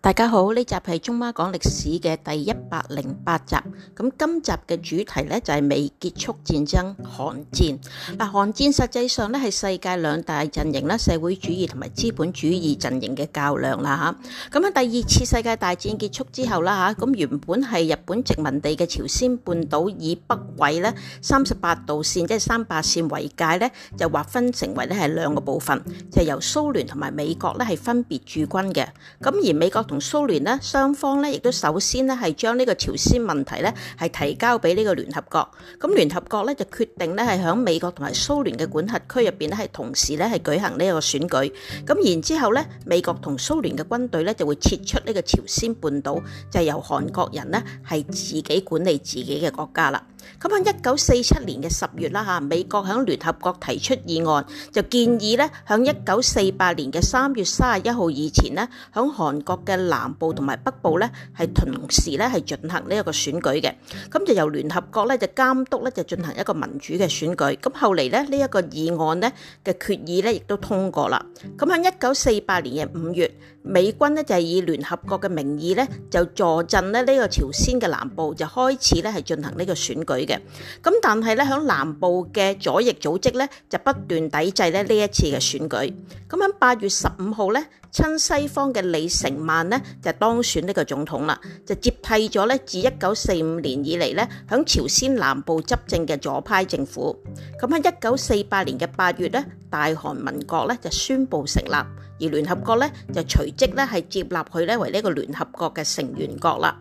大家好，呢集係中媽講歷史嘅第一百零八集。咁今集嘅主題呢就係、是、未結束戰爭——韓戰。嗱，韓戰實際上呢係世界兩大陣營啦，社會主義同埋資本主義陣營嘅較量啦吓。咁啊，第二次世界大戰結束之後啦吓，咁原本係日本殖民地嘅朝鮮半島以北緯呢，三十八度線，即係三八線為界呢，就劃分成為呢係兩個部分，就係、由蘇聯同埋美國呢係分別駐軍嘅。咁而美國同蘇聯呢，雙方咧亦都首先呢，係將呢個朝鮮問題呢，係提交俾呢個聯合國。咁聯合國呢，就決定呢，係喺美國同埋蘇聯嘅管轄區入邊呢係同時咧係舉行呢個選舉。咁然之後呢，美國同蘇聯嘅軍隊呢，就會撤出呢個朝鮮半島，就由韓國人呢，係自己管理自己嘅國家啦。咁喺一九四七年嘅十月啦嚇，美國喺聯合國提出議案，就建議呢，喺一九四八年嘅三月三十一號以前呢，喺韓國嘅。南部同埋北部咧，係同時咧係進行呢一個選舉嘅，咁就由聯合國咧就監督咧就進行一個民主嘅選舉，咁後嚟咧呢一個議案咧嘅決議咧亦都通過啦，咁喺一九四八年嘅五月。美軍咧就係以聯合國嘅名義咧，就坐鎮咧呢個朝鮮嘅南部，就開始咧係進行呢個選舉嘅。咁但係咧喺南部嘅左翼組織咧就不斷抵制咧呢一次嘅選舉。咁喺八月十五號咧，親西方嘅李承晚呢，就當選呢個總統啦，就接替咗咧自一九四五年以嚟咧喺朝鮮南部執政嘅左派政府。咁喺一九四八年嘅八月咧，大韓民國咧就宣布成立。而聯合國咧就隨即咧係接納佢咧為呢個聯合國嘅成員國啦。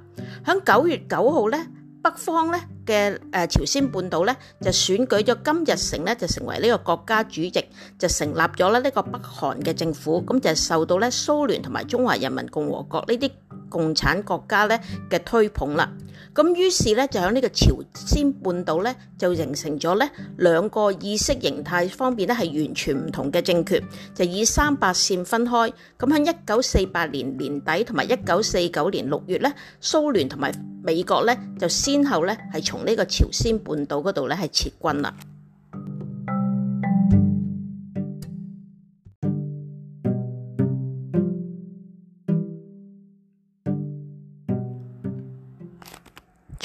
響九月九號咧，北方咧嘅誒朝鮮半島咧就選舉咗金日成咧就成為呢個國家主席，就成立咗咧呢個北韓嘅政府，咁就受到咧蘇聯同埋中華人民共和國呢啲共產國家咧嘅推捧啦。咁於是咧，就喺呢個朝鮮半島咧，就形成咗咧兩個意識形態方面咧係完全唔同嘅政權，就以三八線分開。咁喺一九四八年年底同埋一九四九年六月咧，蘇聯同埋美國咧就先後咧係從呢個朝鮮半島嗰度咧係撤軍啦。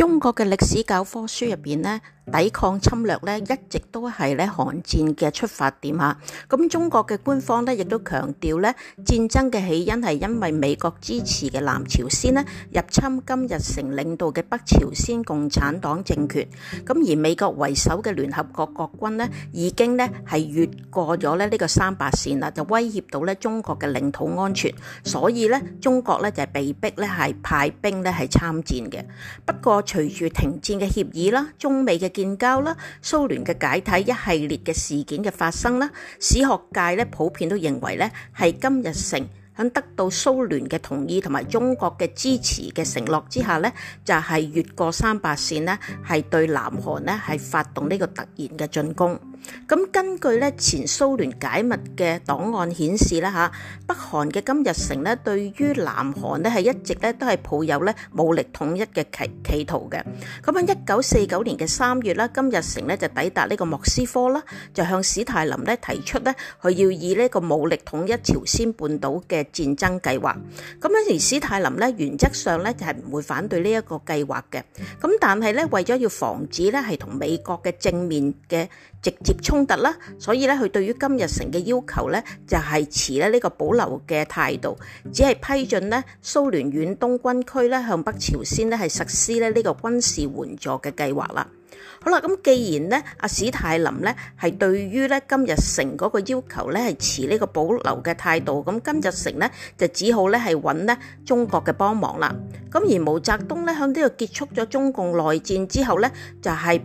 中國嘅歷史教科書入邊咧。抵抗侵略咧，一直都係咧韓戰嘅出發點吓。咁中國嘅官方咧，亦都強調咧，戰爭嘅起因係因為美國支持嘅南朝鮮呢，入侵金日成領導嘅北朝鮮共產黨政權。咁而美國為首嘅聯合國國軍呢，已經呢係越過咗呢呢個三八線啦，就威脅到咧中國嘅領土安全。所以咧，中國咧就係被逼咧係派兵咧係參戰嘅。不過隨住停戰嘅協議啦，中美嘅。建交啦，蘇聯嘅解體一系列嘅事件嘅發生啦，史學界咧普遍都認為咧，係金日成響得到蘇聯嘅同意同埋中國嘅支持嘅承諾之下咧，就係、是、越過三八線呢，係對南韓呢係發動呢個突然嘅進攻。咁根據咧前蘇聯解密嘅檔案顯示啦吓，北韓嘅金日成咧對於南韓咧係一直咧都係抱有咧武力統一嘅企企圖嘅。咁喺一九四九年嘅三月啦，金日成咧就抵達呢個莫斯科啦，就向史泰林咧提出咧佢要以呢個武力統一朝鮮半島嘅戰爭計劃。咁咧而史泰林咧原則上咧就係唔會反對呢一個計劃嘅。咁但係咧為咗要防止咧係同美國嘅正面嘅直接衝突啦，所以咧，佢對於金日成嘅要求咧，就係持咧呢個保留嘅態度，只係批准咧蘇聯遠東軍區咧向北朝鮮咧係實施咧呢個軍事援助嘅計劃啦。好啦，咁既然咧阿史泰林咧係對於咧金日成嗰個要求咧係持呢個保留嘅態度，咁金日成咧就只好咧係揾咧中國嘅幫忙啦。咁而毛澤東咧向呢度結束咗中共內戰之後咧，就係、是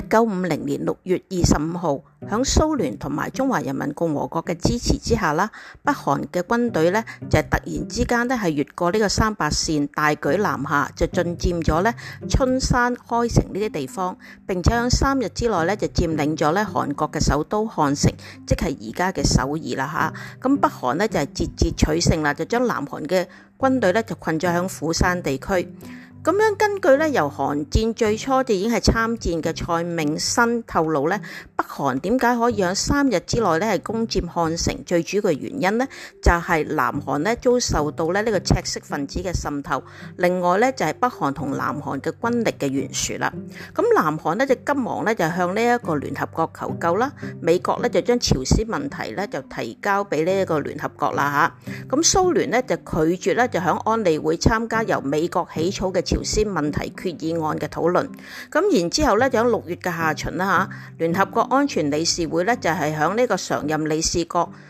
一九五零年六月二十五號，響蘇聯同埋中華人民共和國嘅支持之下啦，北韓嘅軍隊呢就突然之間呢係越過呢個三八線，大舉南下，就進佔咗呢春山、開城呢啲地方，並且響三日之內呢就佔領咗呢韓國嘅首都漢城，即係而家嘅首爾啦嚇。咁北韓呢就係節節取勝啦，就將南韓嘅軍隊呢就困咗響釜山地區。咁樣根據咧，由韓戰最初就已經係參戰嘅蔡明新透露咧，北韓點解可以喺三日之內咧係攻佔漢城？最主要嘅原因咧，就係南韓咧遭受到咧呢個赤色分子嘅滲透，另外咧就係北韓同南韓嘅軍力嘅懸殊啦。咁南韓呢，就急忙咧就向呢一個聯合國求救啦，美國咧就將朝鮮問題咧就提交俾呢一個聯合國啦吓，咁蘇聯呢，蘇聯就拒絕咧就響安理會參加由美國起草嘅。朝鮮問題決議案嘅討論，咁然之後咧，響六月嘅下旬啦吓，聯合國安全理事會咧就係響呢個常任理事國。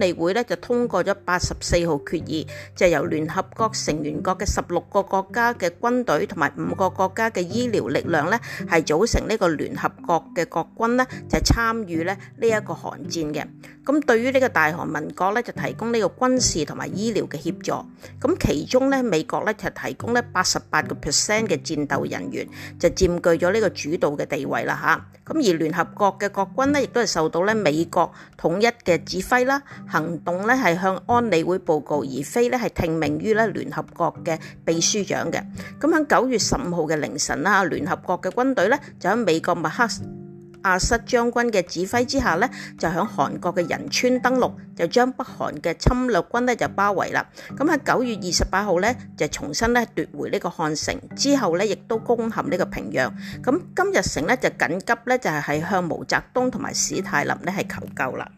例會咧就通過咗八十四號決議，就是、由聯合國成員國嘅十六個國家嘅軍隊同埋五個國家嘅醫療力量咧，係組成呢個聯合國嘅國軍咧，就參與咧呢一個韓戰嘅。咁對於呢個大韓民國咧，就提供呢個軍事同埋醫療嘅協助。咁其中咧，美國咧就提供咧八十八個 percent 嘅戰鬥人員就佔據咗呢個主導嘅地位啦。吓咁而聯合國嘅國軍咧，亦都係受到咧美國統一嘅指揮啦。行動咧係向安理會報告，而非咧係聽命於咧聯合國嘅秘書長嘅。咁喺九月十五號嘅凌晨啦，聯合國嘅軍隊咧就喺美國麥克阿瑟將軍嘅指揮之下咧，就喺韓國嘅仁川登陸，就將北韓嘅侵略軍咧就包圍啦。咁喺九月二十八號咧就重新咧奪回呢個漢城，之後咧亦都攻陷呢個平壤。咁金日成咧就緊急咧就係係向毛澤東同埋史泰林咧係求救啦。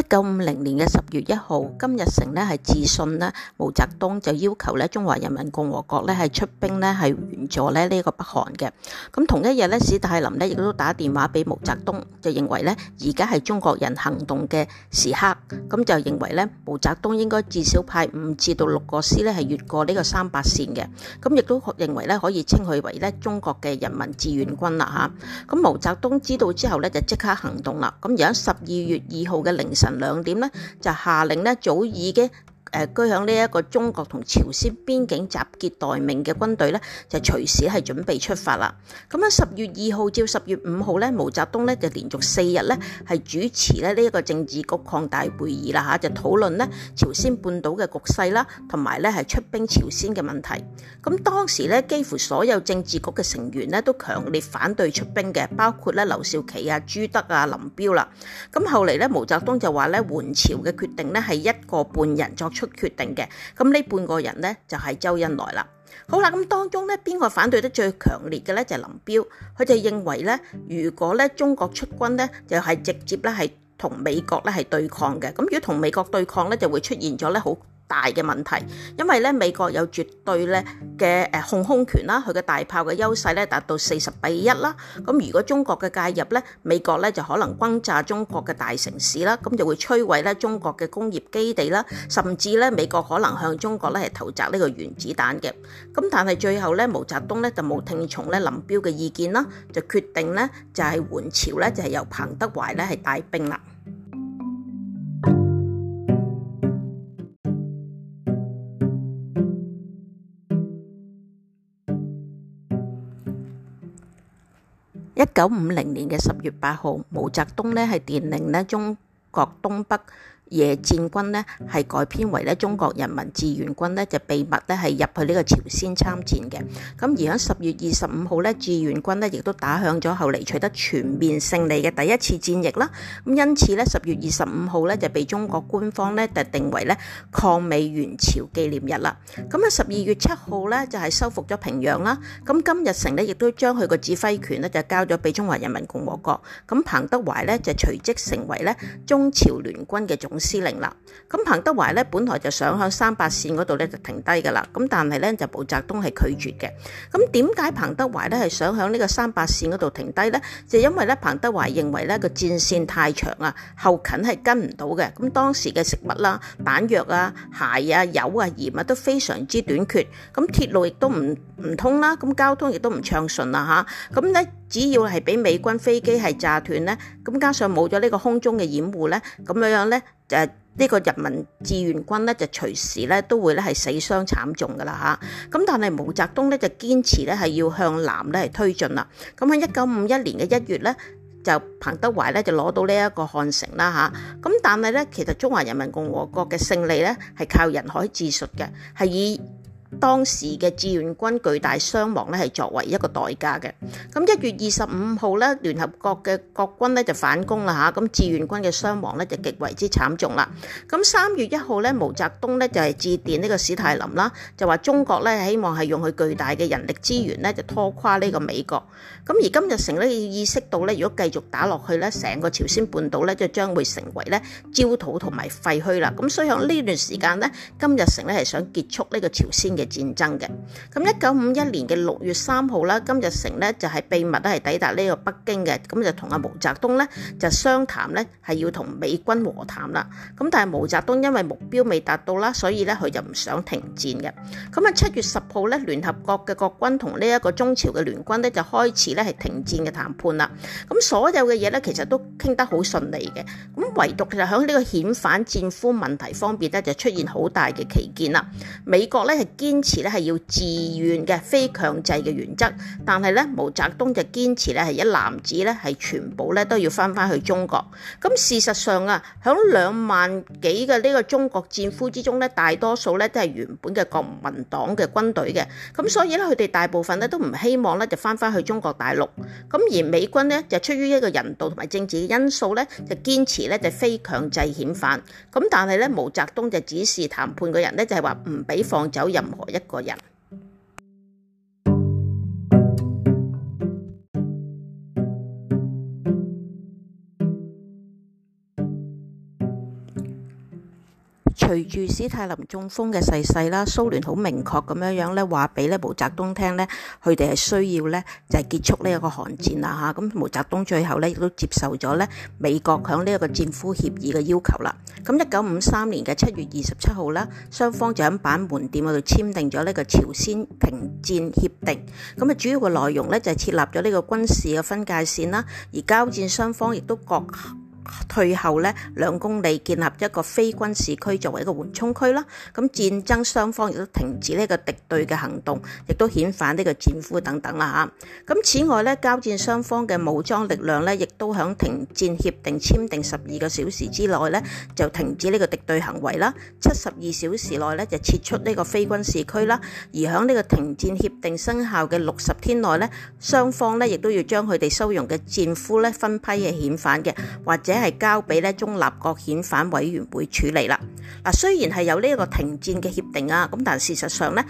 一九五零年嘅十月一號，金日成呢係致信呢，毛澤東就要求咧中華人民共和國呢係出兵呢係援助咧呢個北韓嘅。咁同一日呢，史泰林呢亦都打電話俾毛澤東，就認為呢而家係中國人行動嘅時刻，咁就認為呢，毛澤東應該至少派五至到六個師呢係越過呢個三八線嘅。咁亦都認為呢可以稱佢為呢中國嘅人民志願軍啦吓。咁毛澤東知道之後呢，就即刻行動啦。咁而家十二月二號嘅凌晨，兩點咧，就下令咧，早已嘅，誒、呃、居喺呢一個中國同朝鮮邊境集結待命嘅軍隊呢，就隨時係準備出發啦。咁喺十月二號至十月五號呢，毛澤東呢就連續四日呢係主持咧呢一個政治局擴大會議啦嚇，就討論呢朝鮮半島嘅局勢啦，同埋呢係出兵朝鮮嘅問題。咁當時呢，幾乎所有政治局嘅成員呢都強烈反對出兵嘅，包括呢劉少奇啊、朱德啊、林彪啦、啊。咁後嚟呢，毛澤東就話呢，援朝嘅決定呢係一個半人作出。出決定嘅咁呢半個人呢，就係周恩來啦。好啦，咁當中呢邊個反對得最強烈嘅呢，就係林彪，佢就認為呢，如果咧中國出軍呢，就係直接咧係同美國咧係對抗嘅。咁如果同美國對抗呢，就會出現咗咧好大嘅問題，因為咧美國有絕對咧嘅誒控空權啦，佢嘅大炮嘅優勢咧達到四十比一啦。咁如果中國嘅介入咧，美國咧就可能轟炸中國嘅大城市啦，咁就會摧毀咧中國嘅工業基地啦，甚至咧美國可能向中國咧係投擲呢個原子彈嘅。咁但係最後咧，毛澤東咧就冇聽從咧林彪嘅意見啦，就決定咧就係援朝咧就係由彭德懷咧係帶兵啦。一九五零年嘅十月八號，毛澤東呢係電令呢中國東北野戰軍呢係改編為咧中國人民志願軍呢，就秘密咧係入去呢個朝鮮參戰嘅，咁而喺十月二十五號呢，志願軍呢亦都打響咗後嚟取得全面勝利嘅第一次戰役啦，咁因此呢，十月二十五號呢就被中國官方呢就定為呢抗美援朝紀念日啦，咁喺十二月七號呢，就係收復咗平壤啦，咁金日成呢亦都將佢個指揮權呢就交咗俾中華人民共和國，咁彭德懷呢就隨即成為呢中朝聯軍嘅總。司令啦，咁彭德懷咧本來就想喺三八線嗰度咧就停低噶啦，咁但係咧就毛澤東係拒絕嘅。咁點解彭德懷咧係想喺呢個三八線嗰度停低咧？就因為咧彭德懷認為咧個戰線太長啊，後勤係跟唔到嘅。咁當時嘅食物啦、彈藥啊、鞋啊、油啊、鹽啊都非常之短缺，咁鐵路亦都唔唔通啦，咁交通亦都唔暢順啦吓，咁咧。只要係俾美軍飛機係炸斷咧，咁加上冇咗呢個空中嘅掩護咧，咁樣樣咧，誒呢個人民志願軍咧就隨時咧都會咧係死傷慘重噶啦嚇。咁但係毛澤東咧就堅持咧係要向南咧係推進啦。咁喺一九五一年嘅一月咧，就彭德懷咧就攞到呢一個漢城啦嚇。咁但係咧，其實中華人民共和國嘅勝利咧係靠人海戰術嘅，係以，當時嘅志願軍巨大傷亡咧，係作為一個代價嘅。咁一月二十五號咧，聯合國嘅國軍咧就反攻啦嚇，咁志願軍嘅傷亡咧就極為之慘重啦。咁三月一號咧，毛澤東咧就係致電呢個史泰林啦，就話中國咧希望係用佢巨大嘅人力資源咧就拖垮呢個美國。咁而金日成咧意識到咧，如果繼續打落去咧，成個朝鮮半島咧就將會成為咧焦土同埋廢墟啦。咁所以喺呢段時間咧，金日成咧係想結束呢個朝鮮。嘅戰爭嘅，咁一九五一年嘅六月三號啦，金日成呢就係秘密都係抵達呢個北京嘅，咁就同阿毛澤東呢就商談呢係要同美軍和談啦。咁但係毛澤東因為目標未達到啦，所以呢佢就唔想停戰嘅。咁啊七月十號呢，聯合國嘅國軍同呢一個中朝嘅聯軍呢，就開始咧係停戰嘅談判啦。咁所有嘅嘢呢，其實都傾得好順利嘅。咁唯獨其實喺呢個遣返戰俘問題方面呢，就出現好大嘅歧見啦。美國咧係堅堅持咧係要自願嘅、非強制嘅原則，但係咧毛澤東就堅持咧係一男子咧係全部咧都要翻翻去中國。咁事實上啊，響兩萬幾嘅呢個中國戰俘之中咧，大多數咧都係原本嘅國民黨嘅軍隊嘅，咁所以咧佢哋大部分咧都唔希望咧就翻翻去中國大陸。咁而美軍咧就出於一個人道同埋政治嘅因素咧，就堅持咧就非強制遣返。咁但係咧毛澤東就指示談判嘅人咧就係話唔俾放走任何我一個人。隨住史太林中風嘅逝世啦，蘇聯好明確咁樣樣咧話俾咧毛澤東聽咧，佢哋係需要咧就係結束呢一個韓戰啦嚇。咁毛澤東最後咧亦都接受咗咧美國響呢一個戰俘協議嘅要求啦。咁一九五三年嘅七月二十七號啦，雙方就喺板門店嗰度簽訂咗呢個朝鮮停戰協定。咁啊，主要嘅內容咧就係設立咗呢個軍事嘅分界線啦，而交戰雙方亦都各退後呢兩公里，建立一個非軍事區作為一個緩衝區啦。咁戰爭雙方亦都停止呢個敵對嘅行動，亦都遣返呢個戰俘等等啦嚇。咁此外呢，交戰雙方嘅武裝力量呢，亦都喺停戰協定簽訂十二個小時之內呢，就停止呢個敵對行為啦。七十二小時內呢，就撤出呢個非軍事區啦。而喺呢個停戰協定生效嘅六十天內呢，雙方呢，亦都要將佢哋收容嘅戰俘呢，分批係遣返嘅，或者，係交俾咧，中立國遣返委員會處理啦。嗱，雖然係有呢一個停戰嘅協定啊，咁但係事實上咧，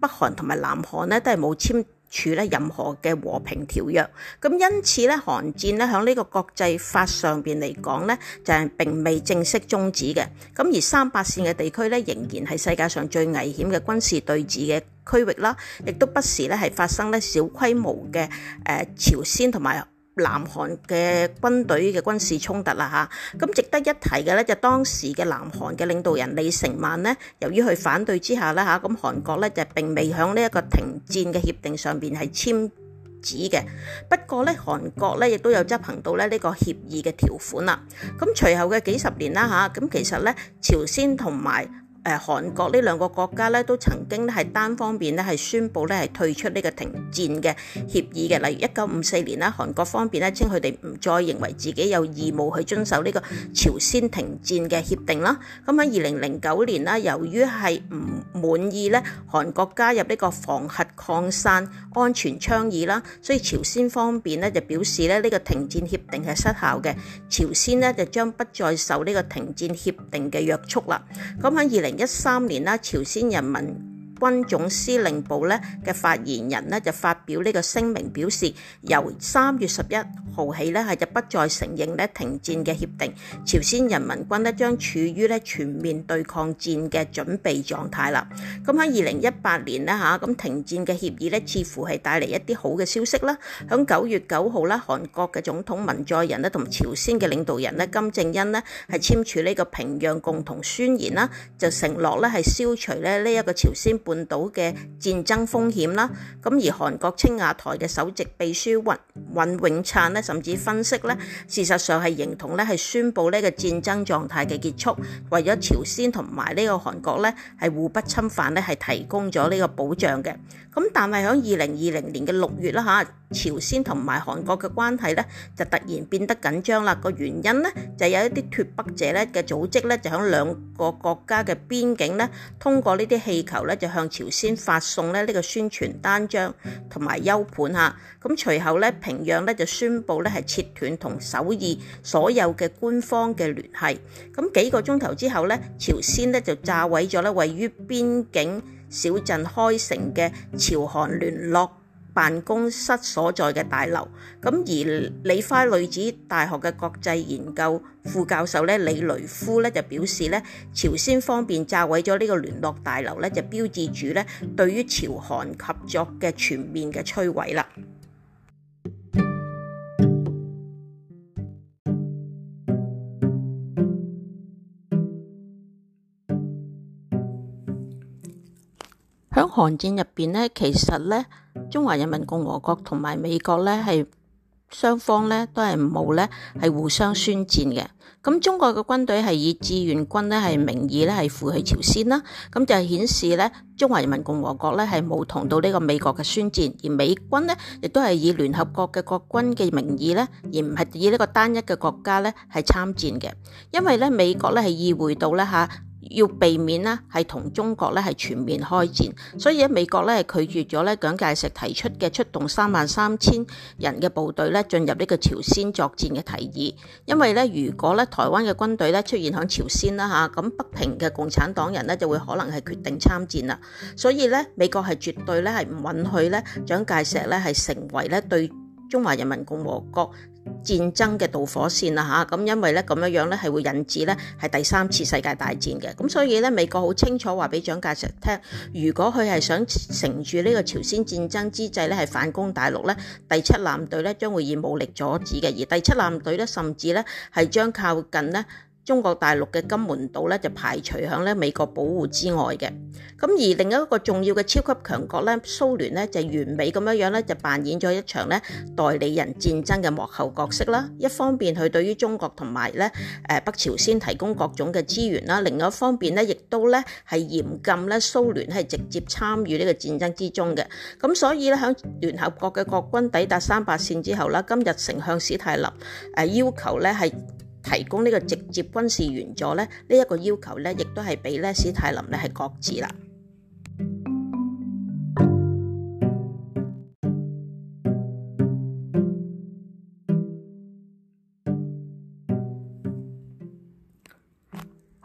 北韓同埋南韓咧都係冇簽署咧任何嘅和平條約。咁因此咧，韓戰咧響呢個國際法上邊嚟講咧，就係並未正式終止嘅。咁而三八綫嘅地區咧，仍然係世界上最危險嘅軍事對峙嘅區域啦，亦都不時咧係發生咧小規模嘅誒朝鮮同埋。南韓嘅軍隊嘅軍事衝突啦吓，咁值得一提嘅咧，就當時嘅南韓嘅領導人李承晚呢，由於佢反對之下咧吓，咁韓國咧就並未喺呢一個停戰嘅協定上邊係簽紙嘅。不過咧，韓國咧亦都有執行到咧呢個協議嘅條款啦。咁隨後嘅幾十年啦吓，咁其實咧朝鮮同埋誒韓國呢兩個國家咧都曾經咧係單方面咧係宣布咧係退出呢個停戰嘅協議嘅，例如一九五四年啦，韓國方面咧稱佢哋唔再認為自己有義務去遵守呢個朝鮮停戰嘅協定啦。咁喺二零零九年啦，由於係唔滿意咧韓國加入呢個防核擴散安全倡議啦，所以朝鮮方面呢就表示咧呢個停戰協定係失效嘅，朝鮮呢就將不再受呢個停戰協定嘅約束啦。咁喺二零一三年啦，朝鮮人民軍總司令部咧嘅發言人咧就發表呢個聲明，表示由三月十一號起呢係就不再承認咧停戰嘅協定，朝鮮人民軍咧將處於咧全面對抗戰嘅準備狀態啦。咁喺二零一八年呢，嚇咁停戰嘅協議呢，似乎係帶嚟一啲好嘅消息啦。響九月九號呢，韓國嘅總統文在寅咧同朝鮮嘅領導人咧金正恩咧係簽署呢個平壤共同宣言啦，就承諾咧係消除咧呢一個朝鮮半半島嘅戰爭風險啦，咁而韓國青瓦台嘅首席秘書尹永燦咧，甚至分析咧，事實上係認同咧，係宣佈呢個戰爭狀態嘅結束，為咗朝鮮同埋呢個韓國咧係互不侵犯咧，係提供咗呢個保障嘅。咁但係響二零二零年嘅六月啦吓，朝鮮同埋韓國嘅關係咧就突然變得緊張啦。個原因咧就係有一啲脫北者咧嘅組織咧，就響兩個國家嘅邊境咧，通過呢啲氣球咧就。向朝鮮發送咧呢個宣傳單張同埋 U 盤吓，咁隨後咧平壤咧，就宣布咧係切斷同首爾所有嘅官方嘅聯繫，咁幾個鐘頭之後咧朝鮮咧，就炸毀咗咧位於邊境小鎮開城嘅朝韓聯絡。辦公室所在嘅大樓，咁而梨花女子大學嘅國際研究副教授咧李雷夫呢，就表示呢，朝鮮方面炸毀咗呢個聯絡大樓呢就標誌住呢對於朝韓合作嘅全面嘅摧毀啦。喺韓戰入邊呢，其實呢。中華人民共和國同埋美國咧，係雙方咧，都係冇咧，係互相宣戰嘅。咁中國嘅軍隊係以志願軍咧，係名義咧，係赴去朝鮮啦。咁就顯示咧，中華人民共和國咧，係冇同到呢個美國嘅宣戰，而美軍咧，亦都係以聯合國嘅國軍嘅名義咧，而唔係以呢個單一嘅國家咧，係參戰嘅。因為咧，美國咧，係意會到咧吓。要避免呢，係同中國咧係全面開戰，所以喺美國咧拒絕咗咧蔣介石提出嘅出動三萬三千人嘅部隊咧進入呢個朝鮮作戰嘅提議，因為咧如果咧台灣嘅軍隊咧出現響朝鮮啦嚇，咁北平嘅共產黨人咧就會可能係決定參戰啦，所以咧美國係絕對咧係唔允許咧蔣介石咧係成為咧對中華人民共和國。戰爭嘅導火線啦吓，咁因為咧咁樣樣咧係會引致咧係第三次世界大戰嘅，咁所以咧美國好清楚話俾蔣介石聽，如果佢係想乘住呢個朝鮮戰爭之際咧係反攻大陸咧，第七艦隊咧將會以武力阻止嘅，而第七艦隊咧甚至咧係將靠近咧。中國大陸嘅金門島咧就排除喺咧美國保護之外嘅，咁而另一個重要嘅超級強國咧蘇聯咧就完美咁樣樣咧就扮演咗一場咧代理人戰爭嘅幕後角色啦。一方面佢對於中國同埋咧誒北朝鮮提供各種嘅資源啦，另外一方面咧亦都咧係嚴禁咧蘇聯係直接參與呢個戰爭之中嘅。咁所以咧喺聯合國嘅國軍抵達三八線之後啦，金日成向史太林誒要求咧係。提供呢個直接軍事援助呢，呢一個要求呢亦都係俾咧史泰林呢係擱置啦。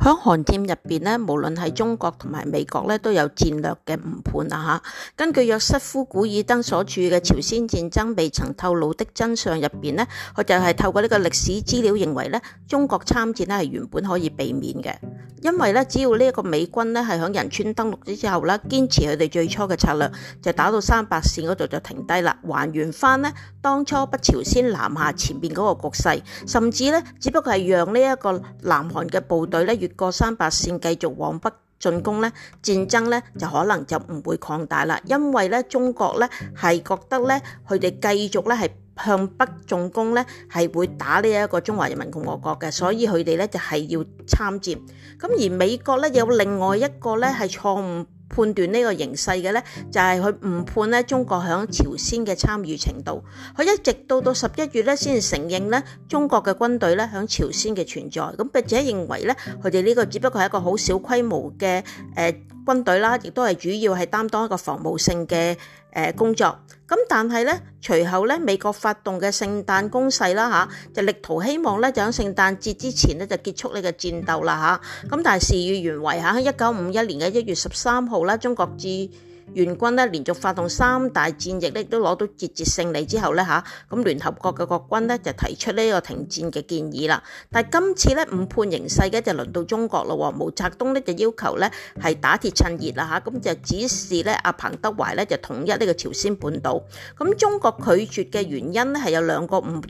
喺韓戰入邊咧，無論係中國同埋美國咧，都有戰略嘅誤判吓。根據約瑟夫古爾登所著嘅《朝鮮戰爭未曾透露的真相》入面入邊咧，佢就係透過呢個歷史資料，認為咧中國參戰咧係原本可以避免嘅。因為咧，只要呢一個美軍咧係喺仁川登陸之後咧，堅持佢哋最初嘅策略，就打到三八線嗰度就停低啦，還原翻咧當初北朝鮮南下前邊嗰個局勢，甚至咧只不過係讓呢一個南韓嘅部隊咧越過三八線繼續往北進攻咧，戰爭咧就可能就唔會擴大啦。因為咧中國咧係覺得咧佢哋繼續咧係。向北重攻咧，係會打呢一個中華人民共和國嘅，所以佢哋咧就係要參戰。咁而美國咧有另外一個咧係錯誤判斷呢個形勢嘅咧，就係佢誤判咧中國喺朝鮮嘅參與程度。佢一直到到十一月咧先承認咧中國嘅軍隊咧喺朝鮮嘅存在。咁並且認為咧佢哋呢個只不過係一個好小規模嘅誒。呃軍隊啦，亦都係主要係擔當一個防務性嘅誒工作。咁但係咧，隨後咧，美國發動嘅聖誕攻勢啦吓，就力圖希望咧，就喺聖誕節之前咧就結束呢個戰鬥啦吓。咁但係事與原為事與願違吓，喺一九五一年嘅一月十三號啦，中國至。援軍咧連續發動三大戰役，咧都攞到節節勝利之後呢嚇，咁聯合國嘅國軍呢，就提出呢個停戰嘅建議啦。但係今次呢，誤判形勢呢就輪到中國咯。毛澤東呢，就要求呢，係打鐵趁熱啦嚇，咁就指示呢，阿彭德懷呢，就統一呢個朝鮮半島。咁中國拒絕嘅原因呢，係有兩個誤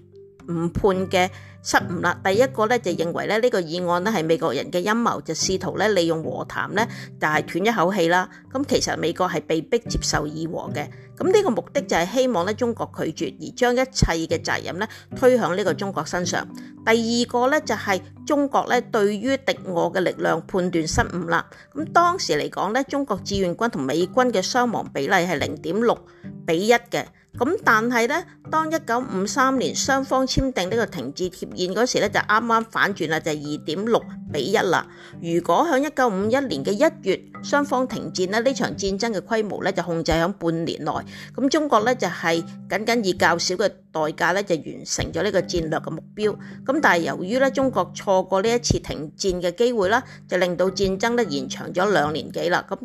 誤判嘅。失誤啦，第一個咧就認為咧呢個議案咧係美國人嘅陰謀，就試圖咧利用和談咧就係斷一口氣啦。咁其實美國係被迫接受議和嘅，咁呢個目的就係希望咧中國拒絕而將一切嘅責任咧推向呢個中國身上。第二個咧就係中國咧對於敵我嘅力量判斷失誤啦。咁當時嚟講咧，中國志願軍同美軍嘅傷亡比例係零點六比一嘅。咁但係咧，當一九五三年雙方簽訂呢個停戰協議嗰時咧，就啱啱反轉啦，就二點六比一啦。如果響一九五一年嘅一月雙方停戰咧，呢場戰爭嘅規模咧就控制喺半年內。咁中國咧就係僅僅以較少嘅代價咧就完成咗呢個戰略嘅目標。咁但係由於咧中國錯過呢一次停戰嘅機會啦，就令到戰爭咧延長咗兩年幾啦。咁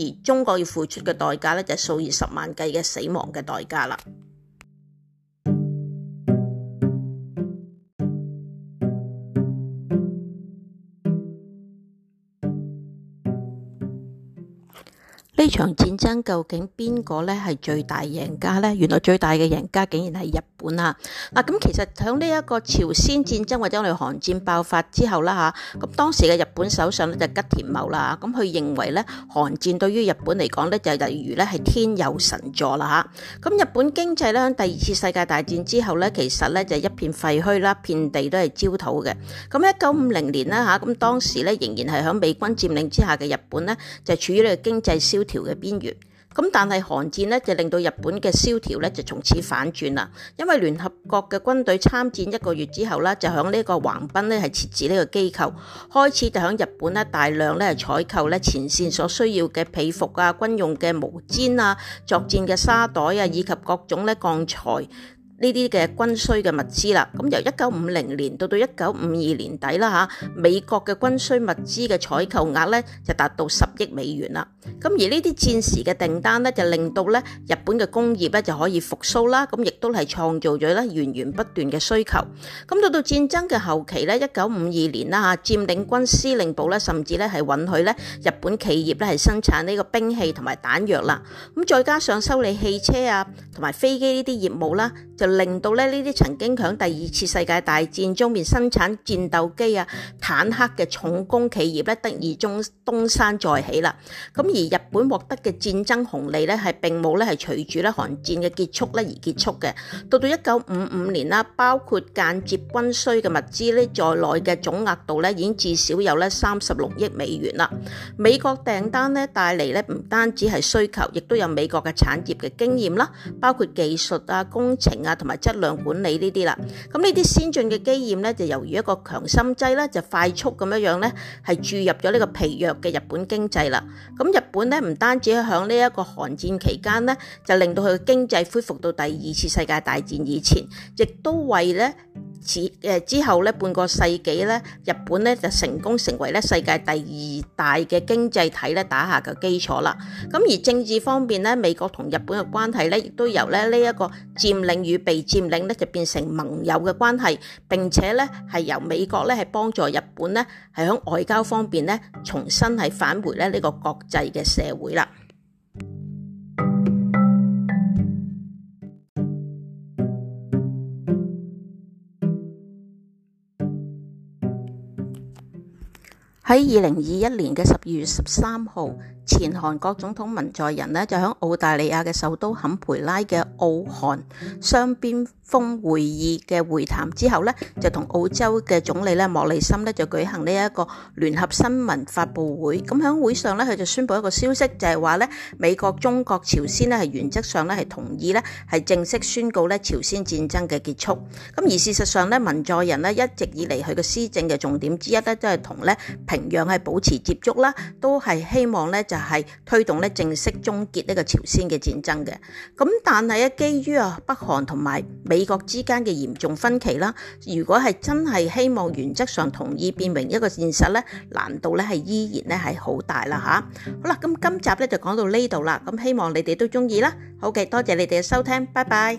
而中國要付出嘅代價咧，就係數以十萬計嘅死亡嘅代價啦。呢場戰爭究竟邊個咧係最大贏家咧？原來最大嘅贏家竟然係日本啊！嗱，咁其實喺呢一個朝鮮戰爭或者我哋韓戰爆發之後啦吓，咁當時嘅日本首相咧就吉田茂啦，咁佢認為咧韓戰對於日本嚟講咧就例如咧係天佑神助啦吓，咁日本經濟咧第二次世界大戰之後咧其實咧就一片廢墟啦，遍地都係焦土嘅。咁一九五零年啦吓，咁當時咧仍然係喺美軍佔領之下嘅日本咧就處於呢個經濟消條嘅邊緣咁，但係韓戰呢就令到日本嘅蕭條呢就從此反轉啦。因為聯合國嘅軍隊參戰一個月之後呢，就喺呢個橫濱呢係設置呢個機構，開始就喺日本呢大量呢係採購呢前線所需要嘅被服啊、軍用嘅毛氈啊、作戰嘅沙袋啊，以及各種呢鋼材呢啲嘅軍需嘅物資啦。咁由一九五零年到到一九五二年底啦，吓美國嘅軍需物資嘅採購額呢就達到十億美元啦。咁而呢啲戰時嘅訂單咧，就令到咧日本嘅工業咧就可以復甦啦。咁亦都係創造咗咧源源不斷嘅需求。咁到到戰爭嘅後期咧，一九五二年啦嚇，佔領軍司令部咧甚至咧係允許咧日本企業咧係生產呢個兵器同埋彈藥啦。咁再加上修理汽車啊同埋飛機呢啲業務啦，就令到咧呢啲曾經喺第二次世界大戰中面生產戰鬥機啊、坦克嘅重工企業咧，得以中東山再起啦。咁而而日本獲得嘅戰爭紅利咧，係並冇咧係隨住咧韓戰嘅結束咧而結束嘅。到到一九五五年啦，包括間接軍需嘅物資呢，在內嘅總額度咧已經至少有咧三十六億美元啦。美國訂單咧帶嚟咧唔單止係需求，亦都有美國嘅產業嘅經驗啦，包括技術啊、工程啊同埋質量管理呢啲啦。咁呢啲先進嘅經驗咧就由於一個強心劑咧，就快速咁樣樣咧係注入咗呢個疲弱嘅日本經濟啦。咁日日本咧唔單止喺呢一個韓戰期間咧，就令到佢嘅經濟恢復到第二次世界大戰以前，亦都為咧此誒之後咧半個世紀咧，日本咧就成功成為咧世界第二大嘅經濟體咧打下嘅基礎啦。咁而政治方面咧，美國同日本嘅關係咧，亦都由咧呢一個佔領與被佔領咧，就變成盟友嘅關係，並且咧係由美國咧係幫助日本咧係喺外交方面咧重新係返回咧呢個國際。嘅社會啦，喺二零二一年嘅十二月十三號。前韓國總統文在寅呢，就喺澳大利亞嘅首都坎培拉嘅澳韓雙邊峰會議嘅會談之後呢，就同澳洲嘅總理咧莫里森呢，就舉行呢一個聯合新聞發布會。咁喺會上呢，佢就宣布一個消息，就係話呢美國、中國、朝鮮呢係原則上呢係同意呢係正式宣告呢朝鮮戰爭嘅結束。咁而事實上呢，文在寅呢一直以嚟佢嘅施政嘅重點之一呢，都係同呢平壤係保持接觸啦，都係希望呢。就。係推動咧正式終結呢個朝鮮嘅戰爭嘅，咁但係咧基於啊北韓同埋美國之間嘅嚴重分歧啦，如果係真係希望原則上同意變為一個現實咧，難度咧係依然咧係好大啦吓。好啦，咁今集咧就講到呢度啦，咁希望你哋都中意啦。好嘅，多謝你哋嘅收聽，拜拜。